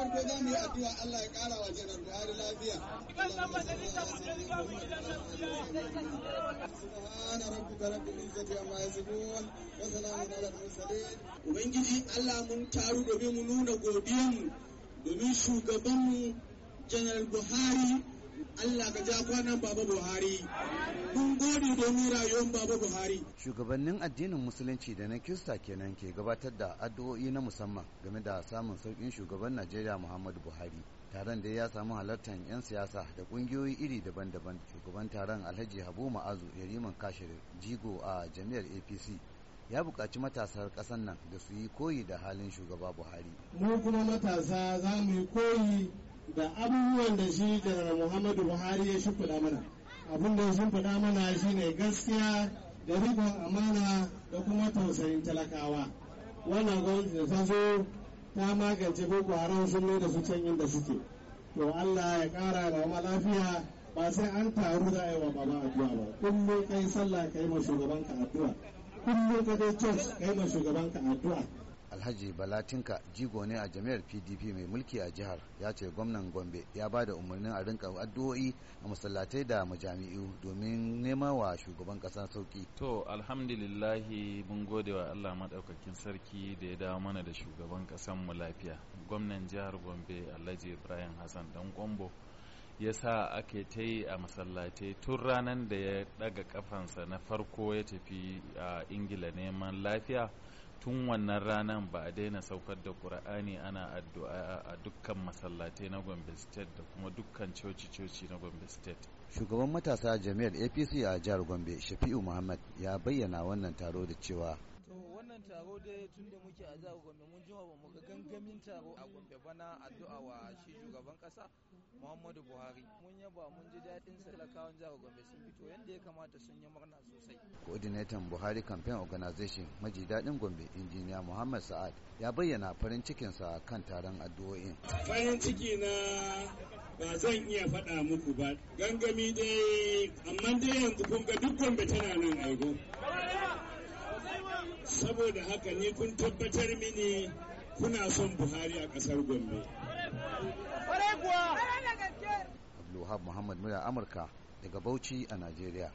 farko za mu yi addu'a Allah ya kara wa janar Buhari lafiya. Subhana rabbika rabbil izzati amma yasifun wa salamun alal mursalin. Ubangiji Allah mun taru domin mu nuna godiyanmu domin shugabanmu janar Buhari Allah ka ja kwanan Baba Buhari. Mun gode domin rayuwar Baba Buhari. Shugabannin addinin Musulunci da na Kirista kenan ke gabatar da addu'o'i na musamman game da samun sauƙin shugaban Najeriya Muhammadu Buhari. Taron da ya samu halartar 'yan siyasa da ƙungiyoyi iri daban-daban. Shugaban taron Alhaji Habu Ma'azu Yariman Kashir Jigo a jami'ar APC ya buƙaci matasar ƙasar nan da su yi koyi da halin shugaba Buhari. Mu kuma matasa za mu yi koyi da abubuwan da shi da muhammadu buhari ya fada mana abin da ya shimfiɗa mana shine gaskiya da rikon amana da kuma tausayin talakawa wannan gwamnati da ta zo ta magance boko haram sun da su can inda suke to allah ya kara da kuma lafiya ba sai an taru za a yi wa baba addu'a ba kullum kai sallah kai ma shugabanka addu'a kullum ka dai church kai ma shugabanka addu'a alhaji balatinka jigo ne a jami'ar pdp mai mulki a jihar ya ce gwamnan gombe ya ba da umarnin a rinka addu'o'i a masallatai da majami'u domin nema wa shugaban kasa sauki to alhamdulillahi mun gode wa allah maɗaukakin sarki da ya dawo mana da shugaban ƙasan mu lafiya gwamnan jihar gombe alhaji ibrahim hassan dan kwambo ya sa ake ta yi a masallatai tun ranar da ya ɗaga kafansa na farko ya tafi a ingila neman lafiya tun wannan ranar ba a daina saukar da ƙura'ani ana addu'a a dukkan masallatai na gombe state da kuma dukkan coci-coci na gombe state shugaban matasa jami'ar apc a jihar gombe shafi'u muhammad ya bayyana wannan taro da cewa wannan taro dai tun da muke a jihar Gombe mun jima ba mu ga gangamin taro a Gombe bana addu'a wa shi shugaban kasa Muhammadu Buhari. Mun yaba mun ji daɗin talakawan jihar Gombe sun fito yadda ya kamata sun yi murna sosai. Coordinator Buhari Campaign Organization maji daɗin Gombe injiniya Muhammad Sa'ad ya bayyana farin cikinsa kan taron addu'o'in. Farin ciki na ba zan iya faɗa muku ba gangami dai amma dai yanzu kun ga duk Gombe tana nan aigo. saboda haka ne kun tabbatar mini kuna son buhari a kasar gombe abdulwahab muhammad muya amurka daga bauchi a najeriya